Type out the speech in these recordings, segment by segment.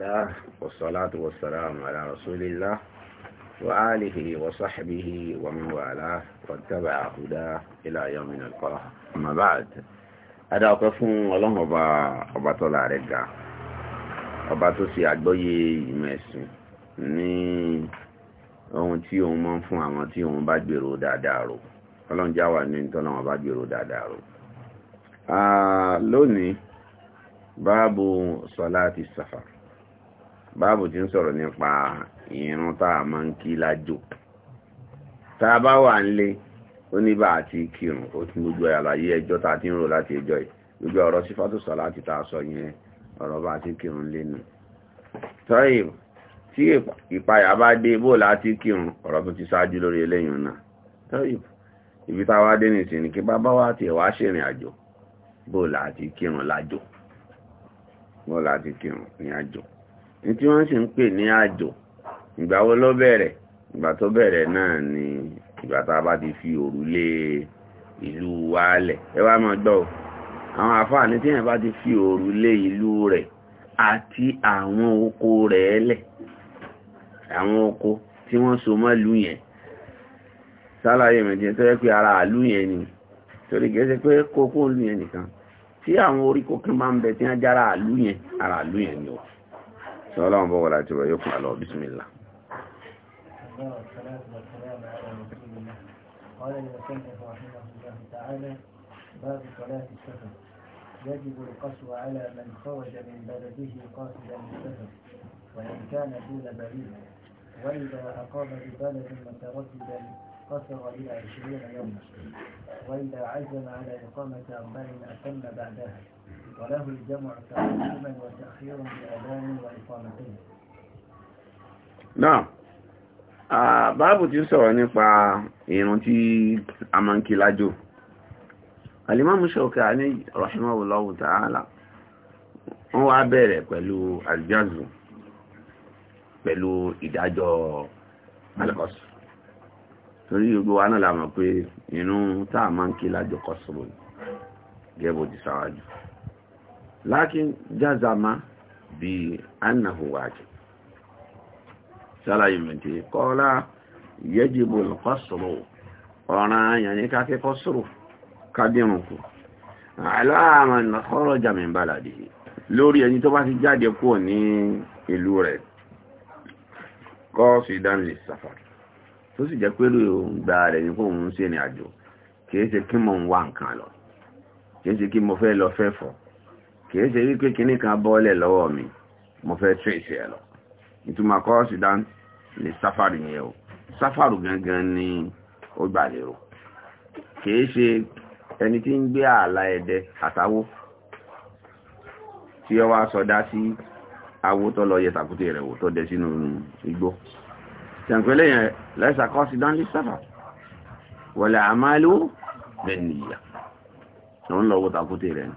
الله والصلاة والسلام على رسول الله وآله وصحبه ومن والاه واتبع هداه إلى يوم نلقاه أما بعد هذا قفون الله أبا أبا طلع رجع أبا تسي أجبي يمسي ni ohun tí òun mọ́ fún àwọn tí òun bá gbèrò dáadáa rò ọlọ́run já wà ní tọ́lọ́wọ́n bá gbèrò dáadáa rò lónìí báàbù sọlá ti sàfàrà báàbù tí ń sọ̀rọ̀ nípa ìrún tá a máa ń kí lájò tá a bá wà nílé ó ní bá àti kírun ó tún gbogbo àlàyé ẹjọ́ tá a ti ń rò láti ẹjọ́ yìí gbogbo ọ̀rọ̀ sífàtò sọ láti tá sọ yẹn ọ̀rọ̀ bá àti kírun lẹ́nu tọ́yì tí ìpayà bá dé bó láti kírun ọ̀rọ̀ tó ti ṣáájú lórí eléyìí náà tọ́yì ibi tá a wá dé nìsín ni kí bàbá wa tiẹ̀ wá ṣèrìn àjò bó láti kírun lájò bó láti kírun ní àjò ní tí wọ́n sì ń pè ní àjò ìgbà wo ló bẹ̀rẹ̀ ìgbà tó bẹ̀rẹ̀ náà ni ìgbà tá a bá ti fi òrùlé ìlú wa lẹ̀ ẹ wá máa gbọ́ àwọn àfáàní tí yẹn bá ti fi òrùlé ìlú rẹ̀ àti àwọn oko rẹ̀ lẹ̀ àwọn oko tí wọ́n so mọ́ ìlú yẹn sálàyé mẹ́jẹ tó yẹ pé ara àlú yẹn ni torí gẹ́gẹ́ pé kókó ìlú yẹn nìkan tí àwọn orí kókó máa ń bẹ tí wọ́n jára àlú yẹn ara àlú yẹn ni ó سلام بابا لا تبقى يقمع له بسم الله قال المسلم رحمه الله تعالى باب صلاة السفر يجب القصر على من خرج من بلده قاصدا السفر وإن كان دون بريد وإذا أقام ببلد مترددا قصر إلى عشرين يوما وإذا عزم على إقامة أربع أتم بعدها وله الجمع تقديما وتأخير بأذان وإقامتين نعم báàbù tí ó sọ̀rọ̀ nípa ìrun tí a máa ń kí lájò Al-Imam Shawkani rahimahullahu ta'ala wọ́n wá bẹ̀rẹ̀ pẹ̀lú aljazu pẹ̀lú ìdájọ́ alkọ́sù torí gbogbo wa náà la mọ̀ pé ìrun tá máa ń kí lájò kọ́sùrù gẹ́bù ti sáwájú lakin jazama bi annahu wajib salayin minti qala yajibu al-qasru ona yani ka ke qasru kadirun ku ala man kharaja min baladihi lórí ẹni tó bá ti jáde kúrò ní ìlú rẹ̀ qasidan lis-safar tó sì jẹ́ pé lo rẹ̀ ni ko un ṣe àjò ke ṣe kí mo wá nǹkan lọ ke ṣe kí mo fẹ́ lọ fẹ́ fo kìí ṣe wípé kìíní kan bọ́ọ̀lẹ̀ lọ́wọ́ mi mo fẹ́ tírèsì ẹ̀ lọ ìtumọ̀ kọ́ọ̀sì dán ní sáfàrù yẹn o sáfàrù gangan ni ó gbà lérò kìí ṣe ẹni tí ń gbé ààlà ẹ̀dẹ àtàwó tí ó wá sọdá sí awó tó lọ yẹ tàkúté rẹ̀ wò tó dẹ sínú igbó tẹ̀ǹpẹ́lẹ́ yẹn lẹ́sà kọ́ọ̀sì dán ní sáfàrù wọlé àmàlú bẹ́ẹ̀ nìyà òun lọ wò tàkúté rẹ̀ ni.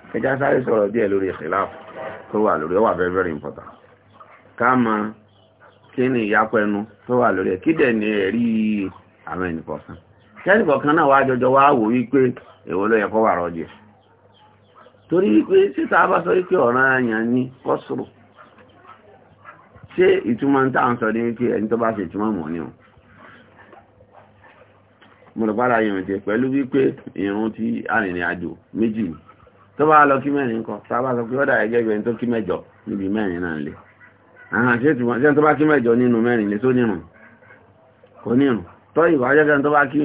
ẹjá sáré sọ̀rọ̀ díẹ̀ lórí ìkìláàfù tó wà lórí ọwà very very important ka kí ni ìyapẹnu tó wà lórí ẹ̀ ni ẹ̀rí àwọn náà wá jọjọ wá wò wípé èwo ló yẹ kó wà rọ́jẹ̀ torí wípé síta bá sọ wípé ọ̀ràn ni kọ́sùrù ṣé ìtumọ̀ ń tà ń sọ ní wípé ẹni tó bá ṣe ìtumọ̀ mọ̀ ni o mo lọ wípé ti arìnrìn àjò tó bá lọ kí mẹ́rin kọ sábà sọ pé ọ̀dà ẹ̀jẹ̀ ìgbẹ̀yìn tó kí mẹ́jọ níbi mẹ́rin náà lè àwọn àṣetì wọn sẹ́ni tó bá kí mẹ́jọ nínú mẹ́rin lè tó nírun kò nírun tó ìwà ajẹ́kẹ́ tó bá kí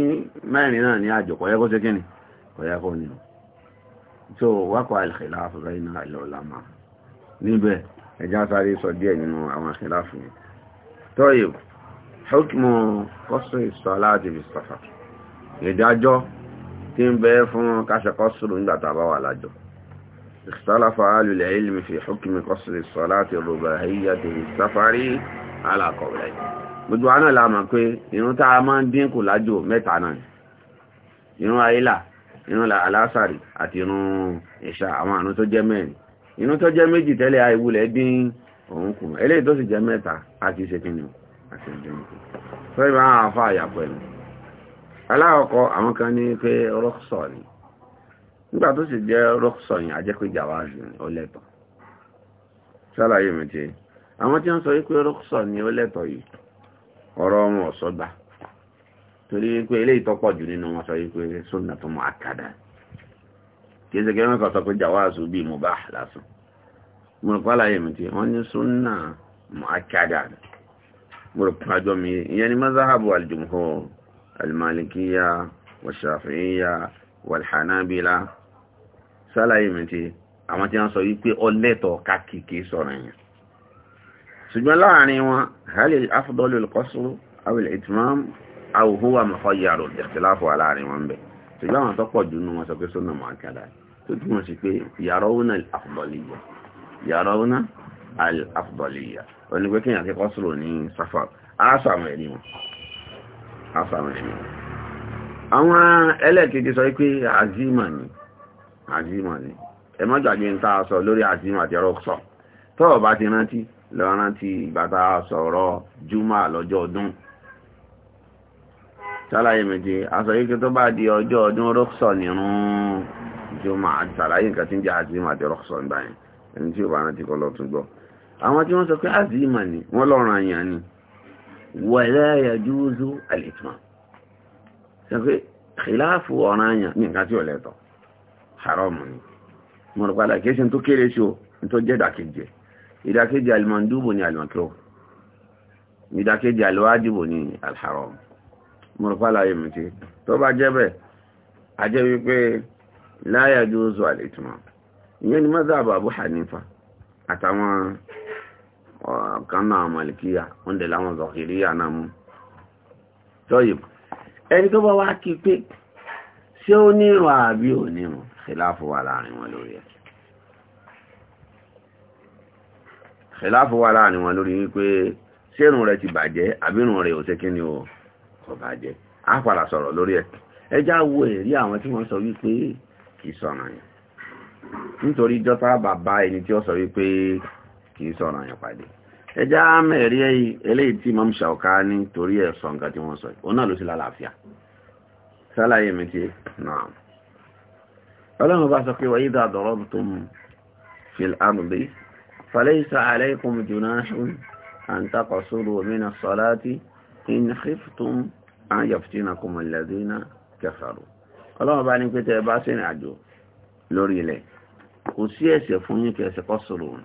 mẹ́rin náà ní àjò kọ̀yẹ́ kó ṣe kíni kọ̀yẹ́ kó nírun tó wákọ̀ àìlèkèlá àfọ̀gá iná ìlọ́lámà níbẹ̀ ẹja sáré sọ díẹ̀ nínú àwọn àkèlá fún mi tó ìwà hukmu kọ́sùn ìsọ aláàdìbì sọ̀fà ìdájọ́ tí ń bẹ fún káṣẹkọ́sùrù nígbà tá a bá wà lájọ اختلف أهل العلم في حكم قصر الصلاة الرباعية في السفر على قولين gbogbo àná la mọ̀ pé irun tá a máa ń dínkù lájò mẹ́ta náà irun àìlà irun alásàrì àti irun ìṣà àwọn àrùn tó jẹ́ mẹ́rin irun tó jẹ́ méjì tẹ́lẹ̀ àìwulẹ̀ dín òun kù eléyìí tó sì jẹ́ mẹ́ta àti ìṣèkìnnì àti ìdínkù fẹ́ẹ́ máa fa àyàpọ̀ ẹ̀mí aláwọ̀kọ́ àwọn kan ní pé rọ́ọ̀sọ̀ ni nígbà tó sì jẹ́ rọ́kùsọ̀yìn ajẹ́pẹ́ jàwáàzù ó lẹ́tọ̀ ṣàlàyé mi ti àwọn tí wọ́n sọ wípé rọ́kùsọ̀ ni ó yìí ọ̀rọ̀ wọn ọ̀sọ́ torí wípé eléyìí tọ́pọ̀ jù nínú wọn sọ wípé tó mọ àkàdá ṣe kan sọ pé jàwáàzù bíi mubah lásán mo rò pàlàyé mi wọ́n ní sunna mọ àkàdá mo rò wàlhánàbílá sálàyé mẹ́tí àwọn tí wọ́n sọ wípé ọlẹ́tọ̀ kákìkì sọ̀rọ̀ yẹn ṣùgbọ́n láàrin wọn halil afdọ́lù kọ́sùrù awil itmam awuhuwa mọ̀kọ́yàrò ìtìláfù aláàrin wọn bẹ̀ ṣùgbọ́n àwọn tọ́pọ̀ jù nù wọn sọ pé sọ́nà mọ̀ akẹ́dà tó túmọ̀ sí pé yarawna al-afdaliyya yarawna al-afdaliyya onígbẹ́kẹ̀yàn ti kọ́sùrù ní àwọn ẹlẹ́kejì sọ pé azima ni azima ni ẹ má gbàgbé ń ta sọ lórí azima àti ọ̀rọ̀ sọ tọ́ọ̀ bá ti rántí lọ rántí ìgbà tá a sọ̀rọ̀ júmọ́ lọ́jọ́ ọdún sálàyé méje aṣọ yíkẹ́ tó bá di ọjọ́ ọdún rọ́ksọ̀ nírún júmọ́ àti sàlàyé nǹkan tí ń jẹ́ azima àti rọ́ksọ̀ nígbà yẹn tí ò bá rántí kọ́ lọ gbọ́ ṣàfẹ́ ìlàáfù ọ̀ràn àyàn ní nǹkan tí ò lẹ́tọ̀ haram ni mo rò padà kí ẹsẹ̀ tó kéré sí o tó jẹ́ ìdàkejì ìdàkejì alimọ̀ndúbò ni alimakiro ìdàkejì aliwájibò ni alharam mo rò padà yìí mìtì tó bá jẹ́ bẹ́ẹ̀ a jẹ́ wípé láyà jùzọ ìyẹn ni mazhab Abu Hanifa àtàwọn kan náà malikiya wọ́n dẹ̀ láwọn zọ̀kìríyà náà mú ẹni tó bá wá kí pé ṣé ó ní ìrùn àbí ò ní ìrùn ṣìláfù wà láàrin wọn lórí ẹ̀ ṣìláfù wà láàrin wọn lórí wípé ṣé ìrùn rẹ̀ ti bàjẹ́ àbí ìrùn rẹ̀ ò ṣe kí ni ò kò bàjẹ́ á padà sọ̀rọ̀ lórí ẹ̀ ẹjá wo èrí àwọn tí wọ́n sọ wípé kì í sọ̀rọ̀ yẹn nítorí jọ́tà bàbá ẹni tí ó sọ wípé kì í sọ̀rọ̀ yẹn pàdé ẹjá mẹ́rí eléyìí tí Imam Shawkani torí ẹ̀ sọ nǹkan tí wọ́n sọ yìí ọ̀nà ló sì lálàáfíà sálàyé mi ti náà ọlọ́run bá sọ pé wa idha darabtum fil ardi falaysa alaykum junahun an taqsuru mina salati in khiftum an yaftinakum alladhina kafaru ọlọ́run bá ní pété bá sẹ́rìn àjò lórí ilẹ̀ kò sí ẹ̀ṣẹ̀ fún yín kí kọ́ sọ̀rọ̀ òun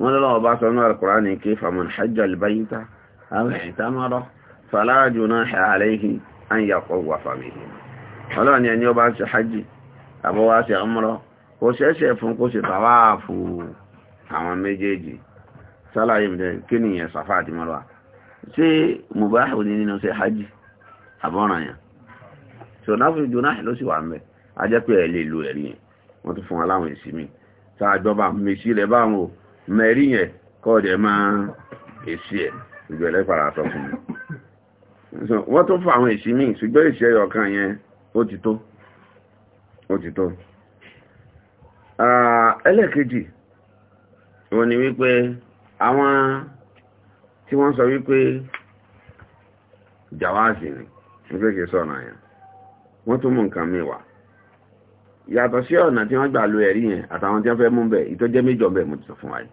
wọ́n lọ́wọ́ bá sọ náà kùrá ní kí faman hajjá albayta fàlájú náà ṣe wà fàmìlì ni ẹni ṣe hajji àbọ́wá ṣe ọmọrọ kò ṣẹ́ṣẹ́ fún kó ṣe tàwáàfù àwọn méjèèjì sálàyé ni hajji abụọ mẹ́rí yẹn kọ́ọ̀dẹ̀ máa èsì ẹ̀ ìgbẹ̀lẹ́ para sọ fún mi wọ́n tó fún àwọn èsì míì ṣùgbọ́n èsì ẹyọ kan yẹn ó ti tó ó ti tó ẹlẹ́ẹ̀kejì wọ́n ní wípé àwọn tí wọ́n sọ wípé jàwáàzì ni wípé kìí sọ ọ̀nà yẹn wọ́n tún mú nǹkan mi wá yàtọ̀ sí ọ̀nà tí wọ́n gbà lo ẹ̀rí yẹn àtàwọn tí wọ́n fẹ́ mú bẹ̀ ìtọ́jẹ́ méjọ bẹ̀ mo ti sọ fún wa yìí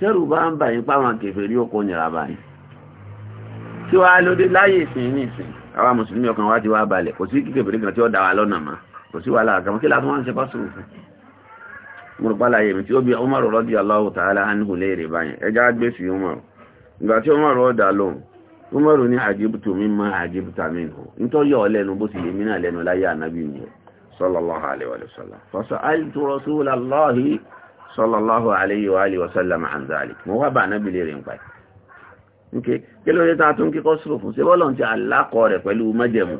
tẹ́rù bá ń bà yín páwọn kèfèrí ó kó nira bá yín tí wàá lóde láyé ìsìn ní ìsìn àwa mùsùlùmí ọkàn wa ti wá balẹ̀ kò sí kèfèrí kan tí ó dá wa lọ́nà mọ́ kò sí wà kan kí láti wọ́n ń ṣe pásítọ̀ fún mo tí ó bí léèrè báyìí ẹja gbé sí ìgbà tí ní mi mi nù nítorí bó ti lè mí náà láyé ànábì sallallahu alayhi wa alihi wa sallam an zalik mo wá bá náà bìlẹ̀ rẹ̀ ń pàì nke kí ló dé ta tún kíkọ́ sùrù fún ṣe bọ́lọ̀ ti alákọ̀ rẹ̀ pẹ̀lú májẹ̀mú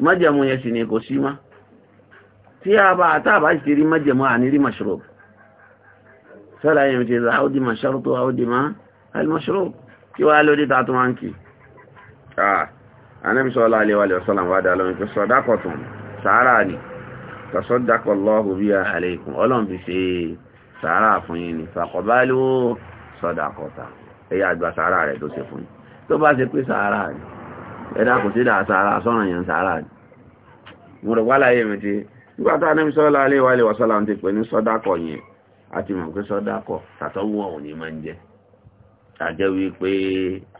májẹ̀mú yẹn sì ni kò sí má tí a bá àtàbà ti rí májẹ̀mú à ní rí mashrub sọ́la yẹn ti ra ó di ma ṣarútó ó di kí wá ló dé ta tún wá kì ah, ọlọ́run fi ṣe sàárà fún yín ni fàkọ̀bálú sọ̀dàkọ̀tà ẹ̀yà àgbà sàárà rẹ̀ tó ṣe fún yín tó bá ṣe pé sàárà ni ẹ̀dá kò sí dáa sàárà sọ́nà yẹn sàárà ni mo rẹ̀ wálá yẹ̀ mẹ́tí nígbà tá ní sọ́lá alẹ́ wà lè wà sọ́lá ti pè ní sọ́dákọ̀ yẹn a ti mọ̀ pé sọ́dákọ̀ tàtọ́wọ́ òun ni máa ń jẹ́ àjẹ́ wípé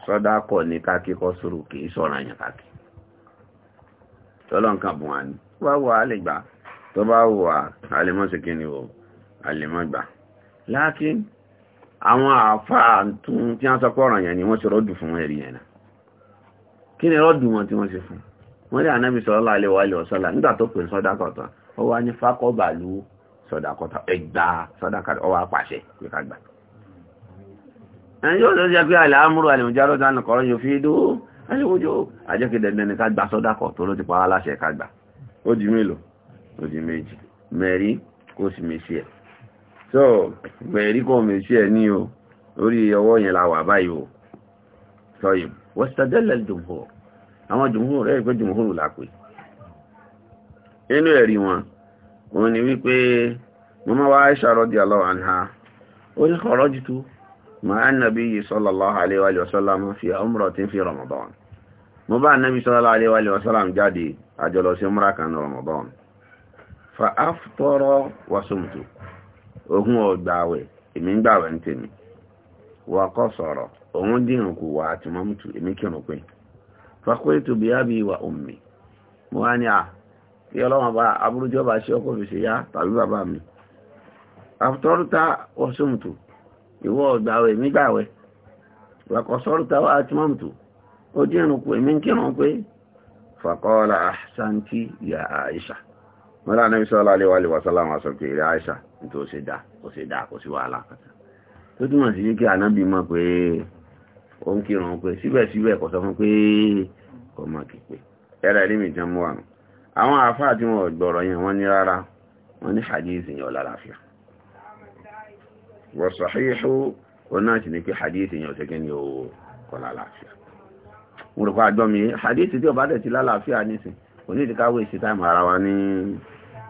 sọ́dákọ̀ ní káàkiri kọ́ sórò kì í sọ̀rọ̀ àyàn káàkiri tọ́lọ́ nǹkan bùn wá ni tó bá wà á lè gbà tó bá wà á lè mọ̀ sí kí ni o àlèmọ́gbà lákín àwọn àfáà tún tí wọ́n sọ pé ọ̀ràn yẹn ni wọ́n ṣe rọ́dù fún ẹ̀rí yẹn náà kí ni rọ́dù wọn tí wọ́n ṣe fún wọ́n lé ànábì sallallahu alaihi wa alihi wasallam nígbà tó pè sọ́dákọ̀tà ó wá ní fákọ́bàlú sọ́dákọ̀tà ẹgbà sọ́dákọ̀tà ó wá pàṣẹ pé ká gbà ẹ̀yọ́ ló jẹ́ pé àlàámúrò àlèmọ̀járó dánù kọ̀rọ̀ yóò fi dó ayéwójó àjẹ́kì dẹ̀dẹ̀ ní ká gba sọ́dákọ̀ tó so gbẹ̀rí kan mèsì ẹ̀ ní o orí ọwọ́ yẹn la wà báyìí o sọ yìí wọ́n jùmọ̀ àwọn jùmọ̀ rẹ̀ pé jùmọ̀ rù lápè inú ẹ̀rí wọn òun ni wípé mo máa wá Aisha radiyallahu anha ó ní kharajtu ma'a nabiyyi ma alayhi wa sallam fi Ramadan mo bá Nabi sallallahu alayhi wa sallam jáde ogun ọ̀gbàwẹ̀ èmi ń gbàwẹ̀ ń tèmi wà kọ́ sọ̀rọ̀ òun dìrùn kù wà àti mọ́mútù èmi kírun pé fakultu bí ábí wà ummi mo wá ní à kí ọlọ́wọ́n bá aburújọ́ bá ṣe ọkọ̀ fèsì yá tàbí bàbá mi àtọ́rúta ìwọ èmi gbàwẹ̀ wà kọ́ wà àti mọ́mútù ó èmi pé ya Aisha nítorí ó ṣe dá ó ṣe dá kò sí wàhálà kankan tó túmọ̀ sí kí ànábì mọ̀ pé ó ń kírun pé síbẹ̀síbẹ̀ kò sọ fún pé kò mọ̀ kí pé ẹ̀rọ ẹ̀rí mi jẹ́ mú àrùn àwọn àáfàá tí wọn gbọ́rọ̀ yẹn wọ́n ní rárá wọ́n ní hadith yẹn ọ̀la láfíà wọ́n sàhíhù wọn náà sì ní pé hadith yẹn ọ̀sẹ̀kẹ́ ni ó kọ́lá láfíà mo rò pé àjọmi hadith tí ọba tẹ̀ sí nísìn kò ní ìdíkáwé sí táìmù ara wa ní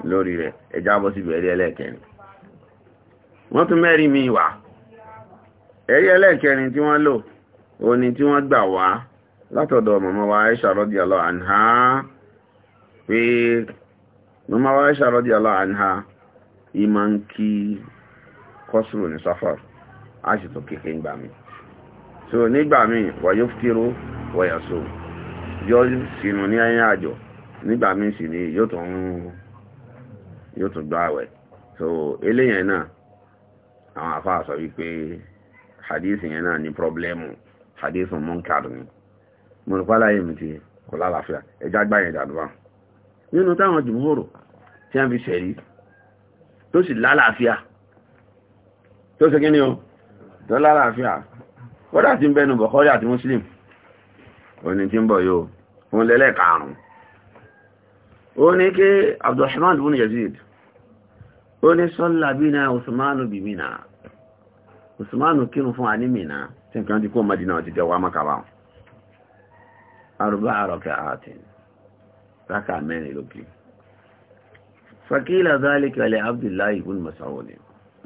lórí rẹ̀ ẹja bọ́ síbi ẹ̀rí wọ́n tún mẹ́rin mi wà ẹ̀rí ẹlẹ́ẹ̀kẹrin tí wọ́n lò òní tí wọ́n gbà wá látọ̀dọ̀ màmá wa Aisha radiyallahu anha pé màmá wa Aisha radiyallahu anha ìmọ̀ ń kí kọ́sùrù ní sáfà á sì tó kéèké ńgbà mi so nígbà mi wà yóò fìtírú wà yà so yóò sínú ní ẹyìn àjọ nígbà mi sì ni yóò tún gbà àwẹ̀ so eléyẹn náà àwọn àfáà sọ wípé hadith yẹn náà ní pọ́blẹ́mù hadith munkar ni mo rò pálá yìí mi ti kò lálàáfíà ẹjá gbá yẹn dàdúrà nínú táwọn jùmọ̀rò tí wọ́n fi ṣẹ̀rí tó sì lálàáfíà tó ṣe kí ni o tó lálàáfíà kódà tí ń bẹnu bọ̀kọ́rí àti muslim òní tí ń bọ̀ yóò fún lẹ́lẹ́ karùn-ún ó ní kí abdulrahman ibn yazid ó ní sọ́lá bínà usmanu bimina usmanu kírun fún anímìnà tí nǹkan ti kó madina ti jẹ́ wà mọ́kàbá arúgbà àrọ̀kẹ́ àti rákà mẹ́rin lókè fakílà zálíkà lè abdullahi ibn mas'ud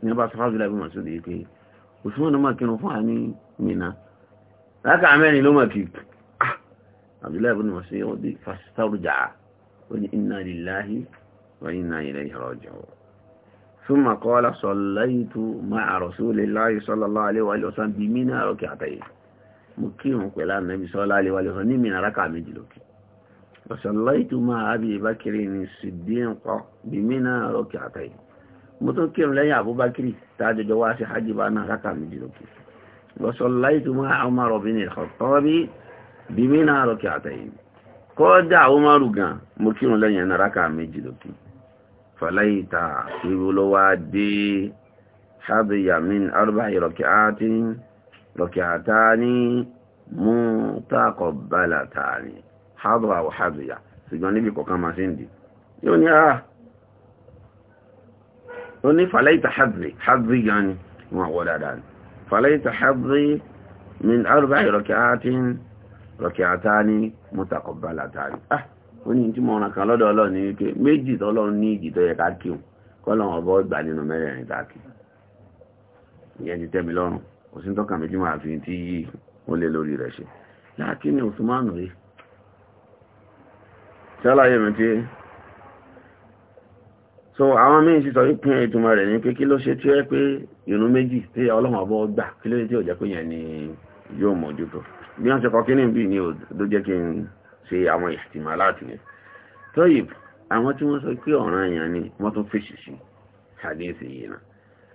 ní bá sọ fábílá ibn mas'ud yìí pé usmanu máa kírun fún anímìnà rákà mẹ́rin ló mọ̀ kí ah! abdullahi ibn mas'ud yóò di fasitárùjà ó ní inna ثم قال صليت مع رسول الله صلى الله عليه وآله وسلم بمنا ركعتين مكيم قال النبي صلى الله عليه وآله وسلم من ركع مجلوك وصليت مع أبي بكر الصديق بمنا ركعتين متوكيم لا أبو بكر تاج جواس حج بأنا ركع مجلوك وصليت مع عمر بن الخطاب بمنا ركعتين قد عمر مكيم لا أنا ركع مجلوك fàlàyìtà ìwòlówà dé ṣábìyàmín arúbá ìrọ̀kìátá ní mú tàkọ̀ bálàtà ní ṣábìyà wà ṣábìyà ṣùgbọ́n níbi kọ̀kan máa ṣe ń di yóò ní àà ó ní fàlàyìtà ṣábìyà ní wọn wọ́ dáadáa ní fàlàyìtà ṣábìyà min arúbá ìrọ̀kìátá ní mú tàkọ̀ bálàtà ní ó ní tí mo ràn kan lọ́dọ̀ ọlọ́run ní wípé méjì tọ́lọ́run ní ìjì tó yẹ ká kí òun kọ́lọ́run ọbọ̀ ìgbà nínú mẹ́rẹ̀ẹ̀rin tá kí ìyẹn ti tẹ́mi lọ́rùn kò sí tọ́ka méjì máa fi tí yí ó lé lórí rẹ̀ ṣe láàkí ni Usman rí ṣálàyé mi tí so àwọn míì sì sọ ìpín ìtumọ̀ rẹ̀ ní pé kí ló ṣe tí ó pé ìrun méjì tí ọlọ́run ọbọ̀ gbà kí ló ṣe tí ò jẹ́ pé yẹn ni yóò mójútó bí wọ́n ṣe kọ kí ní bí ní ò ló jẹ́ kí n ṣe àwọn ìhtimaláàtì yẹn tọ́yìb àwọn tí wọ́n sọ pé ọ̀ràn èèyàn ni wọ́n tún fèsì sí hadisi yìí náà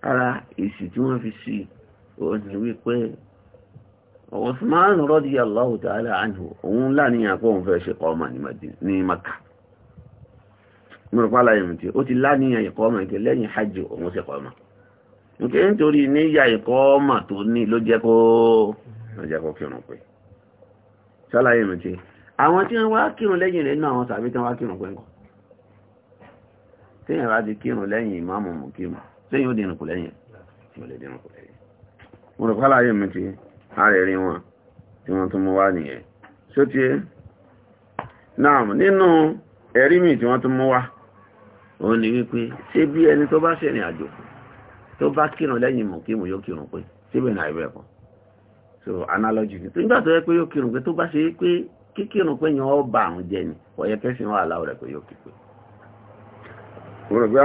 ara èsì tí wọ́n fi sí òun ni wípé òun láníyàn pé òun fẹ́ ṣe ní Maka mọ̀rọ̀pá láyé o ti láníyàn ìkọ́ọ̀mà ìkẹ́ lẹ́yìn hajj òun ṣe nke nítorí níyà tó ní ló jẹ́ kó kírun pé àwọn tí wọ́n wá kírun lẹ́yìn rẹ̀ náà àwọn sàbí tí wọ́n wá kírun pẹ́ńkọ́ tí èèyàn bá ti kírun lẹ́yìn ìmáàmù mú kírun sẹ́yìn ó dìrùn kù lẹ́yìn tí ó lè dìrùn kù lẹ́yìn mo rò pálàyé mi ti ààrẹ rí wọn tí wọ́n tún mú wá nìyẹn só ti náà nínú ẹ̀rí mi tí wọ́n tún mú wá òun ni wípé ṣé bí ẹni tó bá ṣèrìn àjò tó bá kírun lẹ́yìn mú kírun yóò kírun pé síbẹ̀ náà ibẹ̀ kan so analogy nígbà tó yẹ pé yóò kírun pé tó bá ṣe pé kíkírun pé yàn ọ́ bá àrùn jẹ ni ọ̀yẹ́ kẹ́sìn wà láwọ̀ rẹ̀ pé yóò kí pé.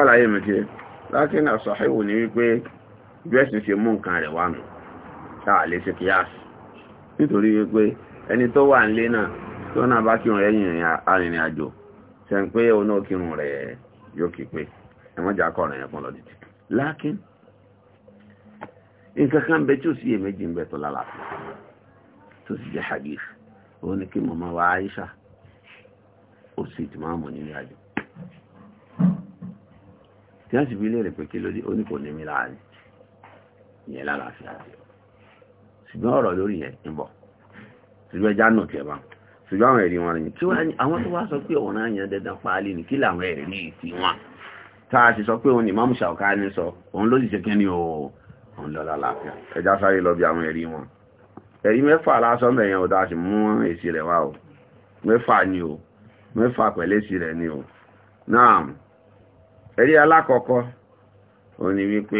àlàyé mi ti láti náà sọ̀híwò ní wípé bẹ́ẹ̀sì ṣe mú nǹkan rẹ̀ wà nù táà lè ṣe kíyàsì nítorí wípé ẹni tó wà nílé náà tó náà bá kírun ẹ̀yìn arìnrìn àjò ṣe ń pé òun náà kírun rẹ̀ yóò kí pé jà lọ nǹkan kan bẹ tí ò òun ni kí mọ̀mọ́ wa Aisha ó sì ti máa mọ̀ nínú àjò tí wọ́n sì fi léèrè pé kí ló dé ó ní kò ní mi láàrin ìyẹn lálàáfíà ṣùgbọ́n ọ̀rọ̀ lórí yẹn ń bọ̀ ṣùgbọ́n ẹja náà tiẹ̀ bá ṣùgbọ́n àwọn ẹ̀rí wọn ni kí àwọn tó wá sọ pé ọ̀nà yẹn dandan paálí ni kí làwọn ẹ̀rí ní wọn tá a sì sọ pé òun ni mọ́mùsà ọ̀ká ní sọ òun ló sì ṣe kí ni òun lọ́la láàfíà ẹja sáré lọ bí àwọn ẹ̀rí wọn ẹ̀rí mẹ́fà lásán bẹ̀yẹn ò dáṣì mú èsì rẹ̀ wá o mẹ́fà ni o mẹ́fà pẹ̀lẹ́ sí rẹ̀ ni o náà ẹ̀rí alákọ̀ọ́kọ́ o ní wípé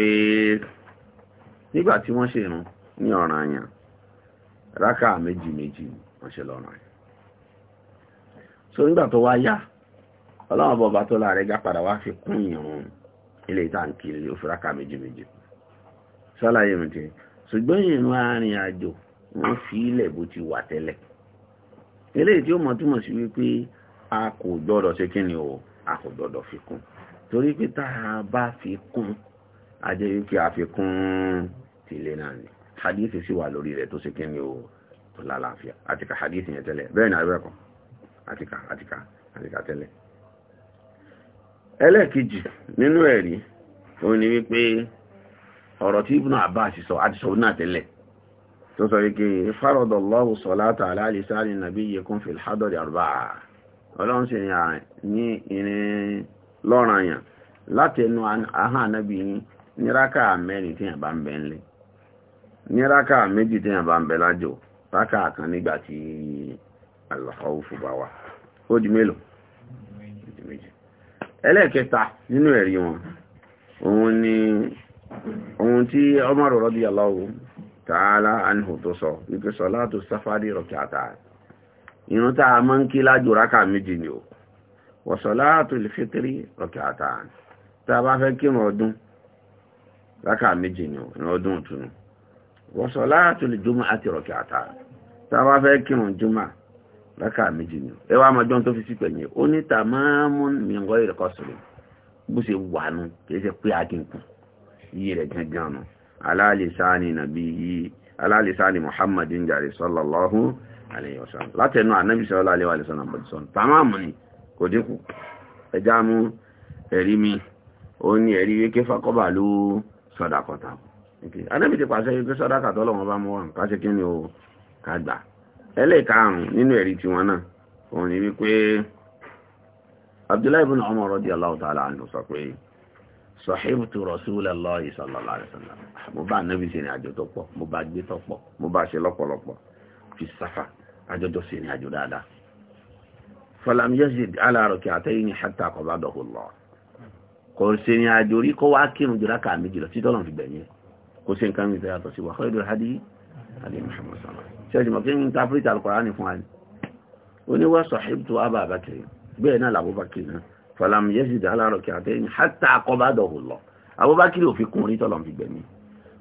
nígbà tí wọ́n ṣe irun ní ọ̀ràn àyàn rákà méjì méjì wọ́n ṣe lọ́ràn àyàn so nígbà tó wá yá ọlọ́run bọ̀bá tó láàrẹ́ gá padà wá fi kún ìrun ilé ìtàǹkì ó fi rákà méjì méjì sọ́láyé mi ti ṣùgbọ́n ìrun arìnrìn àjò wọ́n fi ilẹ̀ bó ti wà tẹ́lẹ̀ eléyìí tí ó mọ̀ túmọ̀ sí wípé a kò gbọ́dọ̀ ṣe kí ni o a kò gbọ́dọ̀ fi kún torí pé tá a bá fi kún a jẹ́ wípé a fi kún tìlẹ̀ náà ni hadith sì wà lórí rẹ̀ tó ṣe kí ni o tó lálàáfíà àti ka hadith yẹn tẹ́lẹ̀ bẹ́ẹ̀ ni àbẹ́ẹ̀kọ́ àti ka àti tẹ́lẹ̀ ẹlẹ́ẹ̀kejì nínú ẹ̀rí òun ni wípé ọ̀rọ̀ tí Ibn Abbas sọ àti sọ náà tẹ́lẹ̀ tó sọ wípé fárọ̀dọ̀lọ́wù sọ̀látà aláàlìsáàlì nàbí yekún fi hádọ̀dì àrùbá ọlọ́run sì ní irin lọ́ranyàn láti ẹnu ahán níraka mẹ́rin tí yàn bá ń bẹ ńlẹ̀ níraka méjì tí yàn bá ń bẹ lájò ráka kan nígbà tí wà tààlá anhu tó sọ wípé sọ̀látù sáfárì rọ̀kìátà irun tá a máa ń kí lájò rákà méjì ni ó wọ̀ sọ̀látù ìfitiri rọ̀kìátà tá a bá fẹ́ kírun ọdún rákà méjì ni ó irun ọdún ìtùnú wọ̀ sọ̀látù ìjùmọ̀ àti rọ̀kìátà tá a bá fẹ́ kírun jùmọ̀ rákà méjì ni ó ẹ wá máa jọ́n fi sí pẹ̀yìn ó ní tàmáàmù mìíràn ìrẹ̀kọ́sọ̀rọ̀ bó ṣe wà nù kì í ṣe pé akínkù iye rẹ̀ gangan nù. ala lisani nabiyyi ala lisani muhammadin jari sallallahu alayhi wa sallam látẹnu ànábì sallallahu alayhi wa sallam bọ̀dì sọ́nà tàmáàmù ni kò dínkù ẹjá mú ẹ̀rí mi ó ní ẹ̀rí wíké fakọ́bà ti pàṣẹ wíké sọ́dàkà wọn káṣe kí ni ó kàgbà ẹlẹ́ẹ̀karùn ninu eri ẹ̀rí tiwọn náà ni wípé abdullahi ibn umar radiyallahu ta'ala anhu sọ̀hìbù tó Rasulullahi sallallahu alaihi wasallam mo bá ànábì ṣe ní àjò tó pọ̀ mo bá gbé tó pọ̀ mo bá ṣe lọ́pọ̀lọpọ̀ fi sáfà àjọjọ́ ṣe ní àjò dáadáa falam yazid ala rak'atayn hatta qabadahu Allah kò ṣe ní àjò rí kó wá kírun jù rákà méjì lọ títọ́ lọ́n fi gbẹ̀yìn kò ṣe nǹkan mi tẹ́yàtọ̀ sí wa khairul hadi fọlám yẹ́sìdì alárò kí àtẹ́yìn hátà akọ́bádọ̀hù lọ abúbákìrì òfin kún orí tọ́lọ̀ fi gbẹ̀mí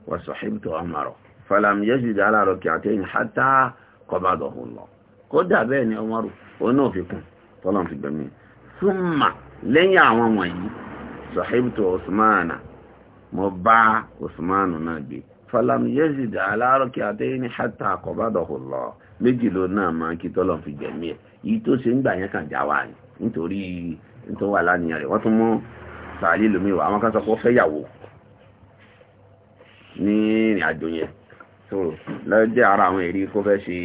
wà sọ̀hìbìtò ọmọrọ̀ fọlám yẹ́sìdì alárò kí àtẹ́yìn hátà akọ́bádọ̀hù lọ kódà bẹ́ẹ̀ ni ọmọrù oní òfin kún fi gbẹ̀mí súnmà lẹ́yìn àwọn wọ̀nyí sọ̀hìbìtò osmana nítorí tó wà lánìyàn rẹ̀ wọ́n tún mú sàálì lómi wà àwọn kan sọ pé ó fẹ́yàwó ní ìrìn àjò yẹn tó lọ́jẹ́ ara àwọn èrí kó fẹ́ ṣe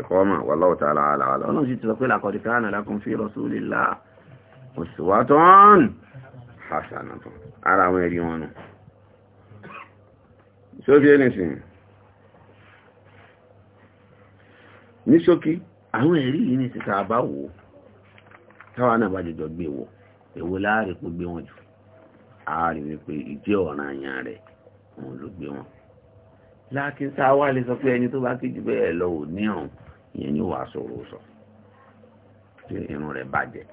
ìkọ́mọ̀ wallahu ta'ala àlàálà ọlọ́run sì ti sọ pé laqad kana lakum fi rasulillahi táwa náà bá jọjọ gbé wọ èwo láàrin gbé wọn jù ààrin wípé ìjẹ́ ọ̀ràn àyàn rẹ òun ló gbé wọn láti sáwà lè sọ pé ẹni tó bá kéjì bẹ́ẹ̀ lọ ò ní ọ̀hún ìyẹn ni wàá sọ̀rọ̀ sọ irun rẹ̀ bàjẹ́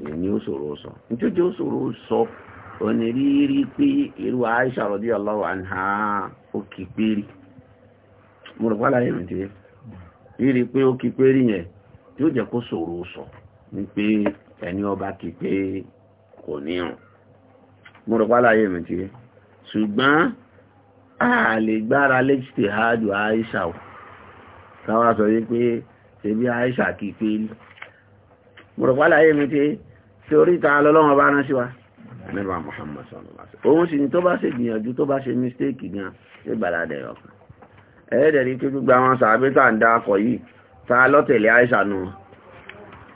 ìyẹn ni ó sọ̀rọ̀ sọ nítorí ó sọ̀rọ̀ sọ onírírí pé irú Aisha ó péré mo ó kì péré yẹn jẹ́ kó wípé ẹni ọba kì pé kò ní ọ̀n mo rọ̀ páláyé mi ti ṣùgbọ́n a lè gbára lẹ́jìtì àádù Aisha ò káwà sọ wípé ṣebí Aisha kì pé ní mo rọ̀ páláyé mi ti ṣe oríta lọ́lọ́wọ́ bá rán sí wa nígbà Muhammad sallallahu alaihi wasallam òun sì ni tó bá ṣe gbìyànjú tó bá ṣe mistake gan ṣe gbàládẹ ọkàn ẹ̀ẹ́dẹ̀rí pé gbogbo àwọn sàbẹ́tà ń dá akọ̀ yìí ta lọ́tẹ̀lẹ̀ Aisha nù wọn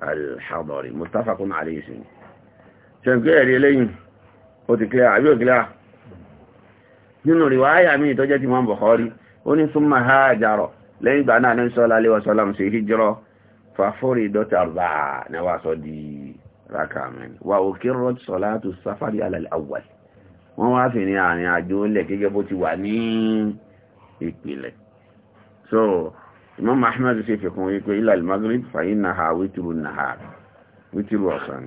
alhadari mustafakun alayhi ṣe n kílẹ̀ rí eléyìn ó ti kílẹ̀ àbí òkílẹ̀ nínú ríwáyà mí ìtọ́jẹ́ ti mọ́ bọ̀kọ́rí ó ní súnmọ́ ha jàrọ̀ lẹ́yìn ìgbà náà ní sọ́lá aléwọ̀sọ́lám sí hijrọ́ fàfórí dọ́tàrbà náwà sọ di rákàmẹ́n wà òkè rọ́t sọ́lá tó sáfàrí alàlẹ́ awwal wọ́n wá fi ní àárín àjò lẹ̀ gẹ́gẹ́ bó ti wà ní ìpìlẹ̀ so Imam Ahmad ṣe fi kún wípé ilà al-Maghrib fàyín náà wítìrù náà wítìrù ọ̀sán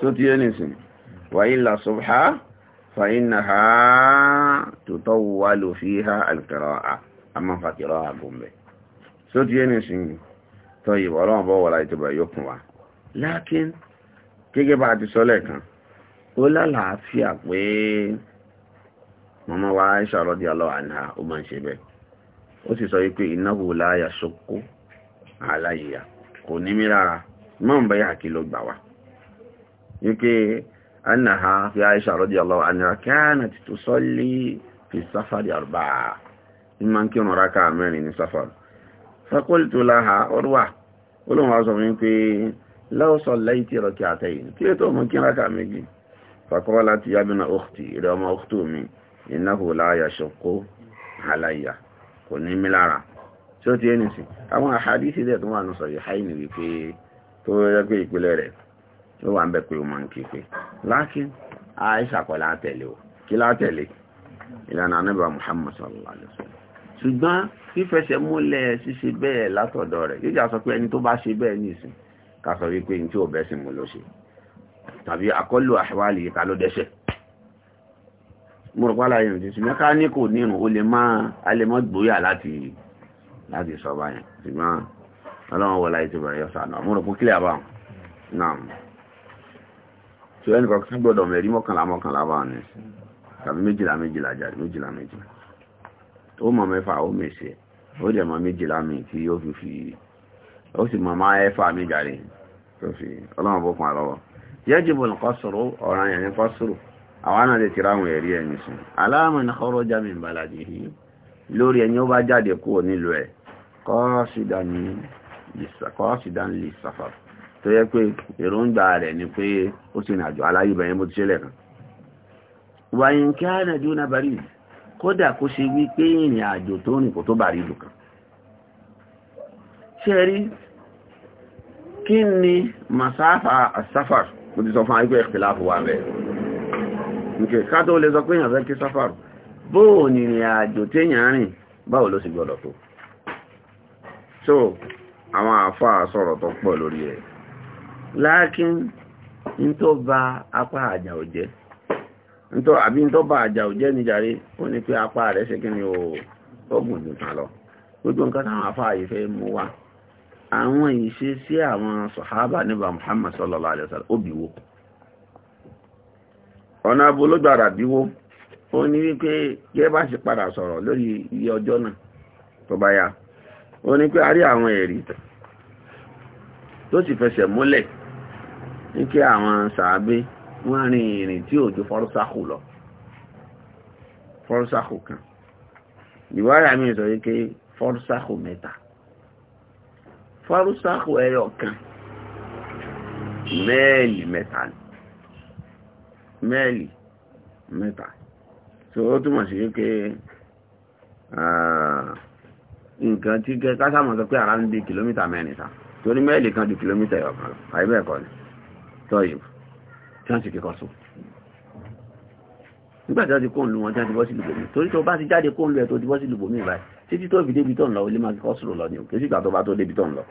sótí ẹnìsìn wà ilà subha fàyín náà tutawwalu fiha al-qira'a amáfà kìrọ̀ àgùnbẹ̀ sótí ẹnìsìn tọ́ ìwọ̀ ọlọ́run bọ́ wọ́la ìtìbà yóò kún wa lákín gẹ́gẹ́ bá ti sọ lẹ́ẹ̀kan ó lálàáfíà pé màmá wa Aisha radiyallahu anha ó máa ń ṣe bẹ́ẹ̀ ó sì sọ wípé ìnáwó láyà ṣokó aláyìyà kò ní mìíràn mọ́n bẹ́yà kí ló gbà wá wípé annaha fi aisha radiyallahu anha kanat tusalli fi sáfàrí àrùbá ní máa ń kírun rákà mẹ́rin ní sáfàrí fakultu laha urwa olóhùn wa sọ fún pé law ya ibna alayya kò ní mí lára tí ó ti ẹni sí àwọn àhádìsí dẹ̀ tó wà ní sọ̀rọ̀ ìhá ìní wípé tó yẹ pé ìpìlẹ̀ rẹ̀ ó wà ń bẹ pé ó máa ń kéfè lákín àìsà kọ́ o kí látẹ̀lé Muhammad sallallahu alaihi wasallam ṣùgbọ́n fífẹsẹ̀ múlẹ̀ ṣíṣe bẹ́ẹ̀ látọ̀dọ̀ rẹ̀ yíjà sọ pé ẹni tó bá ṣe bẹ́ẹ̀ ní ìsìn ká sọ wípé mo rò pálá yẹn ti ṣùgbọ́n ká ní kò nírun o lè má a lè má gbóyà láti láti sọ báyẹn ṣùgbọ́n ọlọ́run wọlá ètò ìbẹ̀rẹ̀ yọ sànà mo rò pé kílẹ̀ àbá náà tí ẹnì kan kí gbọ́dọ̀ mẹ́rí mọ́kànlá mọ́kànlá bá ní tàbí méjìlá méjìlá jáde méjìlá méjìlá tó mọ̀ mẹ́fà ó mèsè ó dẹ̀ mọ̀ méjìlá mi tí ó fi fi ó sì mọ̀ máa ẹ́fà mi jáde tó fi ọlọ́run bó fún àlọ́wọ́ yẹ́jìbò nǹkan sọ̀rọ̀ ọ̀ràn yẹn nǹkan sọ̀rọ̀ àwọn náà lè tira àwọn ẹ̀rí ẹni sùn aláàmàn kharaja min baladihi lórí ẹni ó bá jáde kúrò nílùú ẹ̀ qasidan li safar tó yẹ pé èròǹgbà rẹ̀ ni pé ó sì nàjọ aláyébẹ̀yẹn bó ti ṣẹlẹ̀ kan wàyín kí á nàjú náà bàrí kódà kó ṣe wí pé ni masáfà asafar mo ti sọ fún ayé pé fún wa bẹ́ẹ̀ nke ká tó lè sọ pé èèyàn fẹ́ kí sáfàrù bóò ní ìrìn àjò téèyàn rìn báwo ló sì gbọdọ̀ tó so àwọn àáfàá sọ̀rọ̀ tó pọ̀ lórí ẹ̀ láàkín ń tó ba apá àjà ò jẹ́ ntọ́ àbí ntọ́ bá àjà òjẹ́ níjàre ó ní pé apá rẹ̀ ṣe kí ni ó ọgbùn nìkan lọ gbogbo nǹkan táwọn afáàyè fẹ́ mú wá àwọn ìṣesí àwọn sọ̀hábà níbà Muhammad sallallahu alaihi wasallam ó bìí ọ̀nà abolódò àràbíwó ó ní wípé jẹ́ bá ṣe padà sọ̀rọ̀ lórí iye ọjọ́ náà tó bá yá ó ní pé a rí àwọn ẹ̀rí tó sì fẹsẹ̀ múlẹ̀ ní kí àwọn sàábé wọ́n rin ìrìn tí ò ju fọ́rọ́sáhù lọ fọ́rọ́sáhù kan ìwáyà mi sọ wípé fọ́rọ́sáhù mẹ́ta fọ́rọ́sáhù ẹyọ kan mẹ́ẹ̀lì mẹ́ta ni mẹ́ẹ̀lì mẹ́ta so ó túmọ̀ sí wípé nǹkan tí gẹ́ káṣàmọ̀ sọ pé ara ń di kìlómítà mẹ́rin sa torí mẹ́ẹ̀lì kan ju kìlómítà ọ̀kan lọ àìbẹ̀ ẹ̀kọ́ ni tọ́yù tí wọ́n sì kíkọ́ sùn nígbà tí wọ́n ti kóhùn lu wọn tí wọ́n ti bọ́ sí lùbòmí torí tó bá ti jáde kóhùn lu ẹ̀ tó ti bọ́ sí lùbòmí báyìí títí tó fi débi tó ń lọ ilé máa kíkọ́ sùn lọ ni òkè sígbà tó bá tó débi tó ń lọ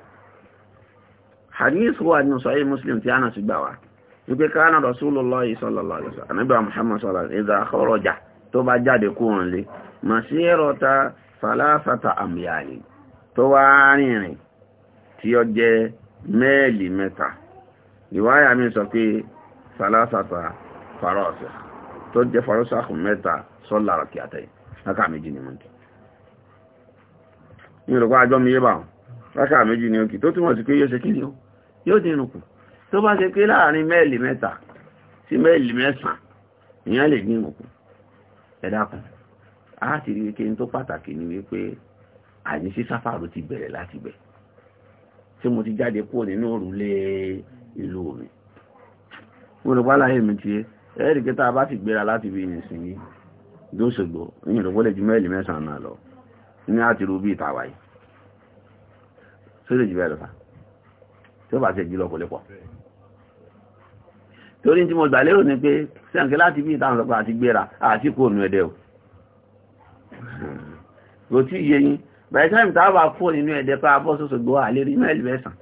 hadith wà nínú sahih muslim tí anas gbà wá wípé káánà Rasulullah sallallahu alaihi wasallam ànábì Muhammad sallallahu alaihi wasallam idha kharaja tó bá jáde kú wọn lé masirata salasata amyali tó wá rìnrìn tí ó jẹ́ mẹ́ẹ̀lì mẹ́ta ìwáyà mi sọ pé salasata farọ́ọ̀sẹ̀ tó jẹ́ farọ́ọ̀sẹ̀ mẹ́ta sọ́lá ọ̀kẹ́ àtẹ́yìn láká méjì ni mọ́kì ní ìrọ̀kọ́ àjọ́ mi yé bá wọn láká méjì ni ó kì tó túmọ̀ sí pé yóò ṣe kí ni ó yóò dín inú kù tó bá ṣe pé láàrin mẹ́ẹ̀lì mẹ́ta sí mẹ́ẹ̀lì mẹ́sàn ìyẹn lè ní ìmọ̀kún ẹ̀dàkùn a ti rí wípé tó pàtàkì ni wípé àní sí sáfàrò ti bẹ̀rẹ̀ láti bẹ̀ tí mo ti jáde kúrò nínú òrùlé ìlú mi mo rò pálá èmi ti ẹ̀rì kí tá a bá ti gbéra láti bí ìsìn yìí lóṣogbo ní ìrọ̀pọ̀ lè ju mẹ́ẹ̀lì mẹ́sàn-án náà lọ ní àti rú bí ìtawà yìí sórí ìjìbẹ́ lọ́ta tí ó bá ti jùlọ kò lè pọ̀ torí tí mo gbàlérò ní pé sẹ́ǹkẹ́ láti bí ìtàn sọpọ̀ àti gbéra àti kò nù ẹ̀dẹ̀ o kò tí yé yín bẹ̀rẹ̀ sáà ìta bá fò nínú ẹ̀dẹ̀ pa abọ́ sọ́sọ́ gbọ́ àlérí mẹ́lì mẹ́sàn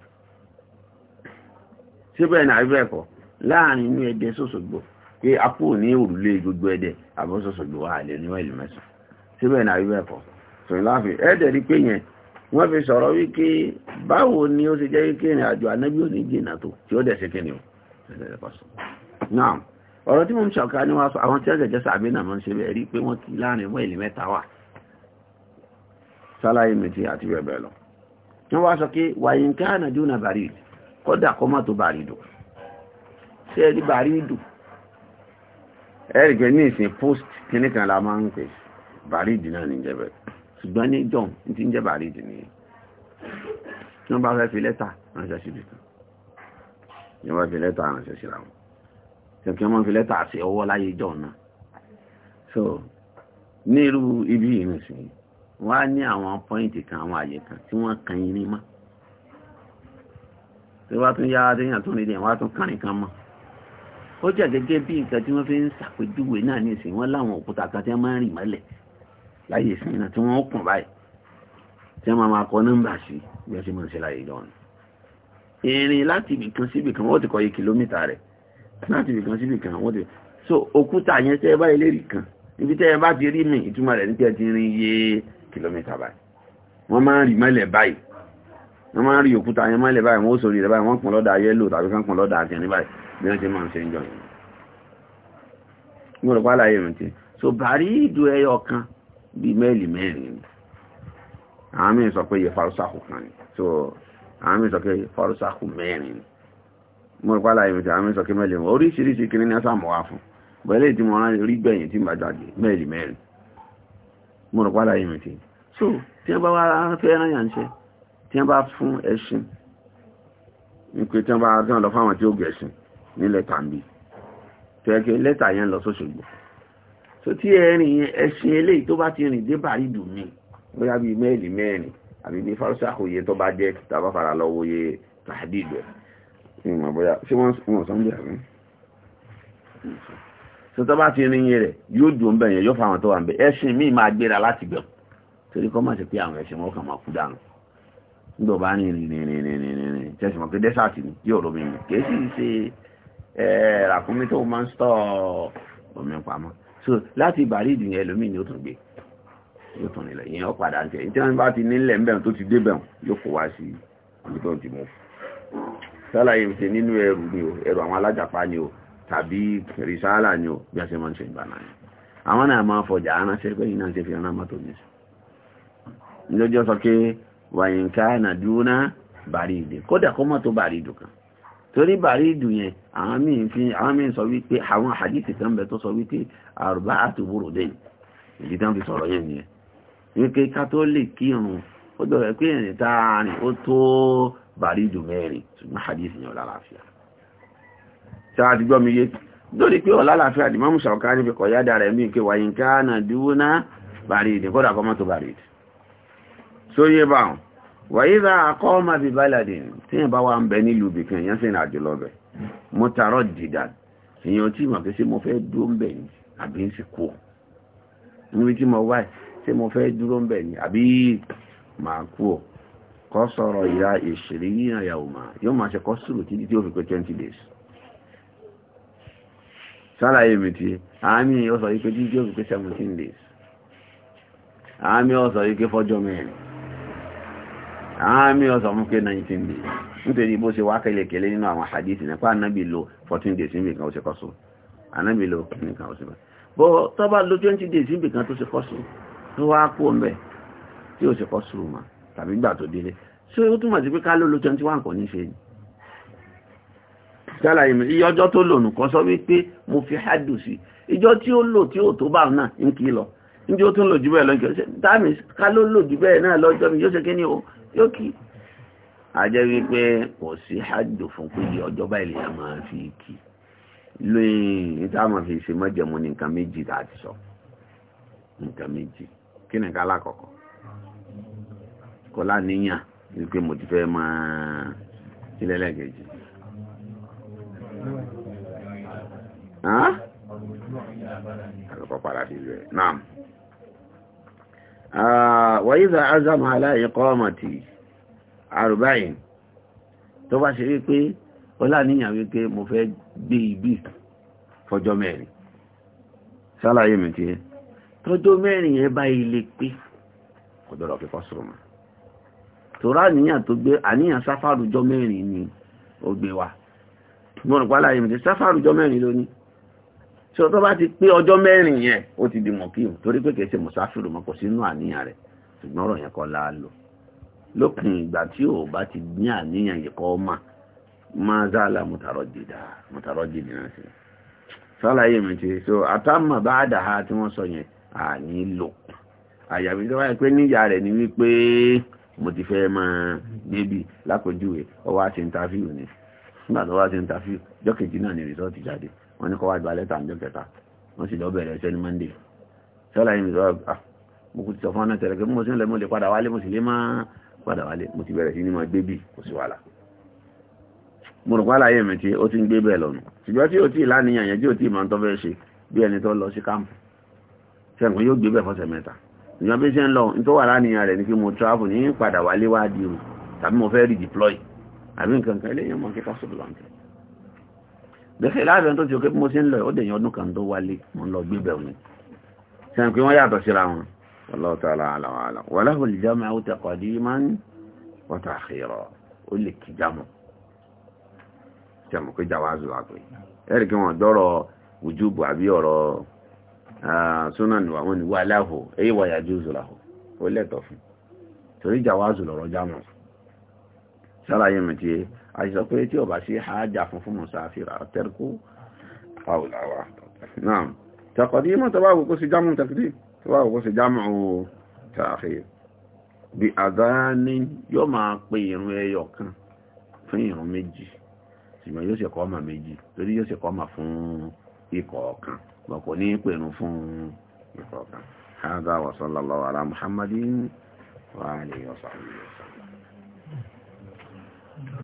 síbẹ̀ ní àríbẹ̀kọ̀ láàrin inú ẹ̀dẹ̀ sọ́sọ́ gbọ́ pé a kò ní òrùlé gbogbo ẹ̀dẹ̀ abọ́ sọ́sọ́ gbọ́ àlérí mẹ́lì mẹ́sàn síbẹ̀ ní àríbẹ̀kọ̀ sọ láàfin ẹ̀dẹ̀ rí pé yẹn wọ́n fi sọ̀rọ̀ wípé báwo ni ó ṣe jẹ́ wípé ìrìn àjò ànábì ní jìnnà tó tí ó dẹ̀ ṣe kí ni ó ṣe tẹ̀lé pàṣẹ náà ọ̀rọ̀ tí mo ń ṣọ̀ká ní wá sọ àwọn tí ọjọ́ jẹ́ sàbí náà mọ́ ń ṣe bẹ̀ rí pé wọ́n ti láàrin wọ́n ìlú mẹ́ta wà sálàyé mi ti àti bẹ́ẹ̀ bẹ́ẹ̀ lọ wọ́n wá sọ pé wàyí nǹkan ànàjú na bàrídù kọ́dà kọ́ mọ́ tó bàrídù ní wọ́n bá fẹ́ fi lẹ́tà ránṣẹ́ síbi kan tí wọ́n fi lẹ́tà ránṣẹ́ síra wọn ṣẹ̀kí ọmọ fi lẹ́tà sí ọwọ́ láyé jọ náà so ní irú ibi ìrìn sí wọ́n á ní àwọn pọ́ìntì kan àwọn àyè kan tí wọ́n kan yín ní mọ́ tí wọ́n tún yára déyàn tó nílé wọ́n á tún kàn nìkan mọ́ ó jẹ́ gẹ́gẹ́ bí nǹkan tí wọ́n fi ń ṣàpèjúwe náà ní ìsìn wọn láwọn òkúta kan tí wọ́n máa ń rìn mọ́lẹ̀ láyé ìsìn náà tí wọ́n kùn báyìí tí wọ́n máa kọ nọ́mbà sí bí wọ́n ṣe máa ń ṣe láyé ìjọ ìrìn láti ibìkan sí ibìkan wọ́n ti kọ́ iye kìlómítà rẹ̀ láti ibìkan sí ibìkan wọ́n ti so òkúta yẹn tẹ́ ẹ bá ilé rí kan ibi tẹ́ ẹ bá ti rí mi ìtumọ̀ rẹ̀ ní pé ẹ ti rin iye kìlómítà báyìí wọ́n máa ń rí mọ́lẹ̀ báyìí wọ́n máa ń rí òkúta yẹn mọ́lẹ̀ báyìí wọ́n ó sòrí rẹ̀ báyìí wọ́n pọ̀n lọ́dà yẹ́lò tàbí kán pọ̀n lọ́dà àti ẹni so bàrí ìdú ẹyọ kan bíi mẹ́ẹ̀lì ni àwọn mí sọ pé yẹ farusaku kan ni so àwọn mí sọ pé farusaku mẹ́rin ni mo pa láyé mẹ́ta àmì sọ̀kí mẹ́lì wọn oríṣiríṣi kiri ní ọ̀sán mọ̀wá fún bẹ̀lẹ́ tí mo rán rí gbẹ̀yìn tí màá jáde mẹ́lì mẹ́rin mo rò pa láyé mẹ́ta so tí wọ́n bá wá fẹ́ rán yàn ṣe tí wọ́n bá fún ẹṣin ní bí so tí ẹrin yẹn ẹṣin eléyìí tó bá ti rìn dé bàrí dùn mí bóyá bíi mẹ́lì mẹ́rin àbí bíi fárúṣà òye tó bá jẹ́ tàbá fara lọ́wọ́ yẹ tàdídù ẹ̀ ìmọ̀ bóyá so tó bá ti rin yẹn rẹ̀ yóò dùn ń bẹ̀ yẹn yóò fáwọn tó wà ń bẹ̀ ẹṣin míì máa gbéra láti gbẹ̀m torí kọ́ máa ṣe pé àwọn ẹṣin wọn kàn máa kú dànù nígbà bá ní rìn rìn rìn rìn rìn rìn tẹ̀sí mọ̀ pé dẹ́sàtì ni yóò lómi mu kì í sì ṣe ràkúnmí tó máa ń sọ so láti ìbàrí ìdìyẹn ẹlòmíì ni ó tún gbé yóò tún nílẹ̀ sálàyé ń ṣe nínú ẹrù ni o ẹrù àwọn alájàpá ni o tàbí rìsáàlà ni o bí a ṣe máa ń ṣe ìgbà náà àwọn náà máa fọjà aránṣẹ́ pé iná ṣe fi ọ̀nà mọ́tò ní ṣe lójọ́ sọ pé wàyínká nàdúrà bàrí ìdè kódà kó mọ́tò bàrí ìdù kan torí bàrí ìdù yẹn àwọn míì fi àwọn míì sọ wípé àwọn àdìsí kan bẹ tó sọ wípé àrùbá àtúbúrò dé ìdí tán fi sọ̀rọ̀ yẹn nìyẹn wípé kátólì kírun ó dọ̀rẹ́ pé ẹ̀rìn tá rìn ó tó bàrídù mẹ́rin ṣùgbọ́n hadith yẹn lálàáfíà sáà ti gbọ́ mi yé lórí pé ọ̀lá lálàáfíà ni mọ́mú ṣàwọ́ká ní fi kọ̀yádà rẹ̀ mí kéwà yín ká náà dúró ná bàrídù kódà kọ́ mọ́tò bàrídù so yé bá wọn wàyí rà akọ́ ọmọ bíi bálàdì tí yẹn bá wà ń bẹ nílùú bìkan yẹn sì ń àjò lọ́bẹ̀ mo tààrọ̀ dìdà èèyàn tí mo fẹ́ sí mo fẹ́ dúró ń bẹ̀ ni àbí ń sì kú níbi tí mo wáyé tí mo fẹ́ dúró ń bẹ̀ ni àbí màá kú ọ̀ kọ́sọ̀rọ̀ ìlà ìṣìrí yíyàn yàwó máa yóò máa ṣe kọ́sùrù títí tí ó fi pé 20 days sálàyé mi ti àmì ọ̀sọ̀ yìí pé títí tí ó fi pé 17 days àmì ọ̀sọ̀ yìí pé fọ́jọ́ mẹ́rin àmì ọ̀sọ̀ mú pé 19 days nítorí bó ṣe wá kẹ́lẹ̀kẹ́lẹ́ nínú àwọn hadithi nípa anábì lo 14 days níbi kan ó ṣe kọ́sù anábì lo nìkan ó ṣe bá bó tọ́ lo 20 days níbi kan tó ṣe kọ́sù tó wá kú ọ̀mẹ́ tí ó ṣe kọ́sù máa tàbí gbà tó délé ṣé ó túmọ̀ sí pé ká ló lo twenty kò ní ṣe ni ṣàlàyé mi iye ọjọ́ tó lò nùkan sọ wípé mo fi hádùn sí ìjọ tí ó lò tí ò tó bá náà ń kì í lọ níbi ó tún lò jù bẹ́ẹ̀ lọ́jọ́ ṣe táàmì ká ló lò jù bẹ́ẹ̀ náà lọ́jọ́ mi yóò ṣe kíní o yóò kì í. a jẹ́ wípé kò sí hádùn fún pé iye ọjọ́ báyìí lè máa fi kì í lóyìn tá a máa fi ṣe mọ́jẹ̀mú ní nǹkan méjì tá sọ nǹkan méjì kí ni ká lákọ̀ọ́kọ́ kọlá níyàn wípé mo ti fẹ́ máa sílẹ̀ lẹ́gẹ̀ẹ́jì àlọ́kọ̀ padà sí rẹ̀ náà ah, wàyíza azam aláìkọ́ ọmọtí àrùbáyìn tó bá ṣe wípé ọlá níyàn wípé mo fẹ́ gbé ibi fọjọ́ mẹ́rin sálàyé mi tọ́jọ́ mẹ́rin yẹn bá ilé pé ọ̀dọ́rọ̀ kíkọ́ sọ̀rọ̀ tó rá níyàn tó gbé àníyàn jọ mẹ́rin ni ó gbé wa mọ́rùn pàlá ìmìtì jọ mẹ́rin lóní tí ó tó bá ti pé ọjọ́ mẹ́rin yẹn ó ti di mọ̀kíhùn torí pé kẹsẹ̀ mùsáfìrù mọ́ sínú àníyàn rẹ̀ ṣùgbọ́n ọ̀rọ̀ yẹn kọ́ lò ìgbà tí ò bá ti ní àníyàn yìí kọ́ mà máa mo ti fẹ́ máa débi lápèjúwe ọwọ́ àti interview ni nígbà tó wá sí interview jọ́kejì náà ni result jáde wọ́n ní kọ́ wá gba lẹ́tà ọjọ́ kẹta wọ́n sì lọ bẹ̀rẹ̀ ẹsẹ̀ ní monday sọ́la yìí result ah mo kú ti sọ fún ọ̀nà tẹ̀lé pé mo sì ń lẹ́ mo lè padà wálé mo sì lè máa padà wálé mo ti bẹ̀rẹ̀ sí ní máa gbé bì kò sí wàhálà mo rò pàlàyé mi tí ó ti ń gbé bẹ́ẹ̀ lọ́nu ṣùgbọ́n tí ìgbọ́n bí ṣe ń lọ nítorí wà láàníyàn rẹ̀ ni pé mo travel ní padà wálé wá di o tàbí mo fẹ́ redeploy àbí nǹkan kan eléyìí mọ̀ kí possible àǹkẹ́ gbèsè láàbẹ̀ tó ti o pé mo ṣe ń lọ ó dẹ̀yìn ọdún kan tó wálé mo ń lọ gbé bẹ̀rù ni ṣe ń pé wọ́n yàtọ̀ síra wọn wallahu ta'ala a'lam a'lam walahu al lè kí jámọ̀ ṣe mọ̀ pé jáwáàzù wà pé ẹ̀rì kí wọ́n dọ́rọ̀ wujubu Ah, sunan wa wọn ni wà láhù èyí wà yàjú zùláhù ó lẹ́tọ̀ fún torí jàwázù lọ̀rọ̀ jámọ̀ sára yìí mẹ́tí a ṣe sọ pé tí ó bá sí hajjá fún fún musafira tẹ́rkú fàúláwà náà méjì ṣùgbọ́n yóò sì kọ́ ọmọ méjì torí yóò sì kọ́ ọmọ fún ikọ̀ ọ̀kan kò ní pẹ̀rún fún ìkọ̀ọ̀kan hádà wa sallallahu ala muhammadin wà ní wa